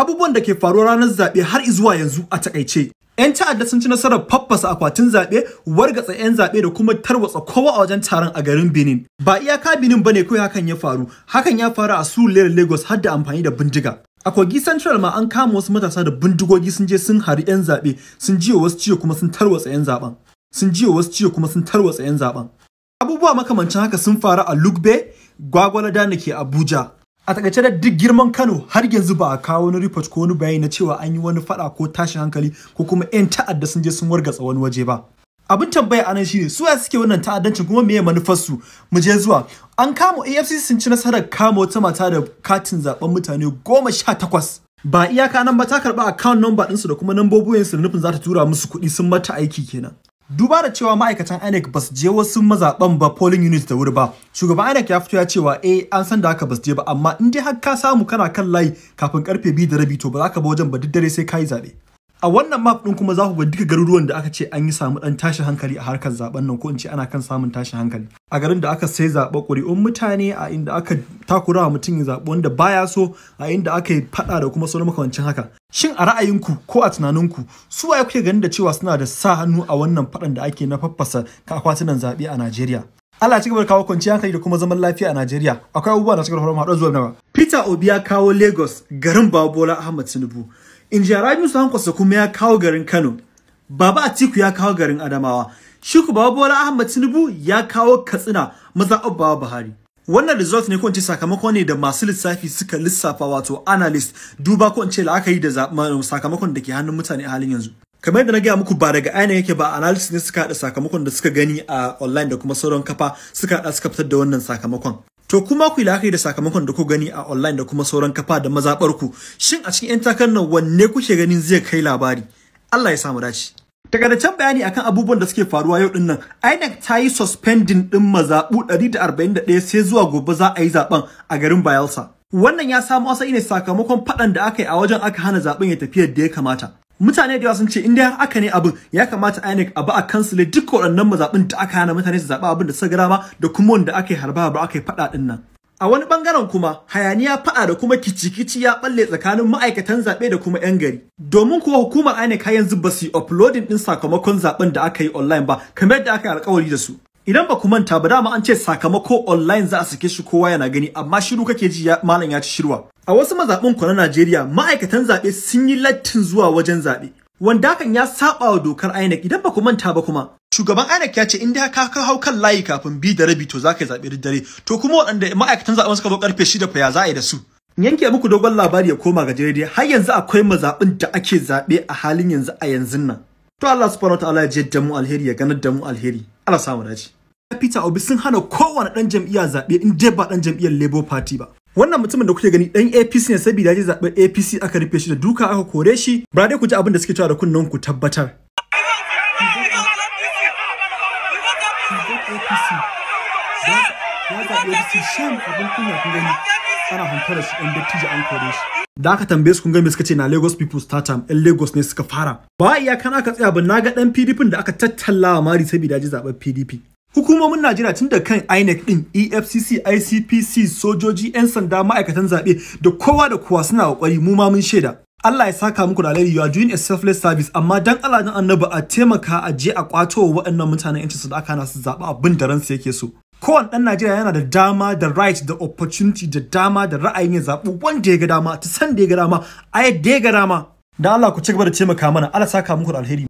abubuwan da ke faruwa ranar zaɓe har zuwa yanzu a takaice. 'Yan ta'adda sun ci nasarar faffasa akwatin zaɓe, wargatsa 'yan zaɓe da kuma tarwatsa kowa a wajen taron a garin Benin. Ba iyaka Benin ne kawai hakan ya faru, hakan ya faru a Surulere Lagos har da amfani da bindiga. A Kogi Central ma an kama wasu matasa da bindigogi sun je sun hari 'yan zaɓe, sun jiyo wasu ciwo kuma sun tarwatsa 'yan zaɓen. Sun jiyo wasu ciwo kuma sun tarwatsa 'yan zaɓen. Abubuwa makamancin haka sun faru a Lugbe, Gwagwalada da ke Abuja, a takaice da duk girman Kano har yanzu ba a kawo wani report ko wani bayani na cewa an yi wani fada ko tashin hankali ko kuma 'yan ta'adda sun je sun wargatsa wani waje ba abin tambaya anan shine su ya suke wannan ta'addancin kuma meye su? mu je zuwa an kama afcc sun ci nasarar kama wata mata da katin zaben mutane goma sha takwas ba iyaka nan ba ta karba account number ɗinsu da kuma nambobinsu da nufin za ta tura musu kuɗi sun mata aiki kenan duba da cewa ma'aikatan INEC ba su je wasu mazaɓan ba polling unit da wuri ba shugaban INEC ya fito ya cewa eh an san da haka ba su je ba amma in dai har ka samu kana kan layi kafin karfe biyu da rabi to ba za ka ba wajen ba duk dare sai ka yi zaɓe a wannan map ɗin kuma za ku ga duka garuruwan da aka ce an yi samu dan tashin hankali a harkar zaben nan ko in ce ana kan samun tashin hankali a garin da aka sai zaɓa ƙuri'un mutane a inda aka takura wa mutum ya zaɓi wanda baya so a inda aka yi faɗa da kuma sauran makamancin haka shin a ra'ayinku ko a tunaninku su waye kuke ganin da cewa suna da sa hannu a wannan faɗan da ake na faffasa akwatunan zaɓe a Najeriya Allah ci gaba da kawo kwanciyar hankali da kuma zaman lafiya a Najeriya akwai abubuwa na cikin horon haɗuwar zuwa Peter Obi ya kawo Lagos garin Babola Ahmad Tinubu arabi Musa Hankwasa kuma ya kawo garin Kano Baba Atiku ya kawo garin Adamawa shi ku Baba Bola ahmad Tinubu ya kawo Katsina maza Baba Buhari wannan result ne ko sakamako ne da masu lissafi suka lissafa wato analyst duba ko in ce la'akari da sakamakon da ke hannun mutane a halin yanzu kamar yadda na gaya muku ba daga aina yake ba analysis ne suka haɗa sakamakon da suka gani a online da kuma sauran kafa suka haɗa suka fitar da wannan sakamakon to kuma ku yi la'akari da sakamakon da ku gani a online da kuma sauran kafa da mazaɓar ku shin a cikin 'yan takarar nan wanne kuke ganin zai kai labari Allah ya samu dace can bayani akan abubuwan da suke faruwa yau din nan, INEC ta yi suspending din mazaɓu ɗaya sai zuwa gobe za a yi zaɓen a garin Bayelsa. Wannan ya samo asali ne sakamakon faɗan da aka yi a wajen aka hana zaɓen ya tafi yadda ya kamata. mutane da yawa sun ce in aka aka ne abin ya kamata INEC a ba a kansile duk waɗannan mazaɓin da aka hana mutane su zaɓi abin da suka gara ma da kuma wanda aka yi harba ba aka yi faɗa ɗin nan a wani bangaren kuma hayaniya faɗa da kuma kicikici ya ɓalle tsakanin ma'aikatan zaɓe da kuma 'yan gari domin kuwa hukumar INEC har yanzu ba su yi uploading ɗin sakamakon zaɓen da aka yi online ba kamar yadda aka yi alkawari da su idan ba ku manta ba dama an ce sakamako online za a sake shi kowa yana gani amma shiru kake ji malam ya ci shirwa A wasu mazaɓin ku Najeriya ma'aikatan zaɓe sun yi lattin zuwa wajen zaɓe. Wanda hakan ya saɓa wa dokar INEC idan ba ku manta ba kuma. Shugaban INEC ya ce in dai ka hau kan layi kafin bi da rabi to za ka yi zaɓe dare. To kuma waɗanda ma'aikatan zaɓen suka zo ƙarfe shida fa ya za a yi da su. yanke muku dogon labari ya koma ga jirage har yanzu akwai mazaɓin da ake zaɓe a halin yanzu a yanzun nan to Allah subhanahu ta'ala ya je mu alheri ya ganar da mu alheri Allah samu dace Peter Obi sun hana kowane ɗan jam'iyya zaɓe in dai ba ɗan jam'iyyar Labour Party ba wannan mutumin da kuke gani dan APC ne saboda ya zaɓi APC aka rufe shi da duka aka kore shi ba dai ku ji abin da suke cewa da kunnen ku tabbatar APC da aka tambaye su ga me suka ce na Lagos People's Tatam 'yan Lagos ne suka fara ba iyakan aka tsaya ba na ga ɗan PDP da aka tattallawa mari saboda ya ji zaɓen PDP Hukumomin Najeriya tun da kan INEC din, EFCC, ICPC, sojoji, 'yan sanda, ma'aikatan zaɓe da kowa da kowa suna ƙoƙari mu ma mun shaida. Allah ya saka muku da alheri you are doing a selfless service amma dan Allah dan Annabi a taimaka a je a kwato wa waɗannan mutanen yancin da aka su zaɓa abin da ransu yake so. Kowane ɗan Najeriya yana da dama da right da opportunity da dama da ra'ayin ya zaɓi wanda ya ga dama ta san da ya ga dama a yadda ya ga dama. Da Allah ku ci gaba da taimaka mana Allah saka muku da alheri.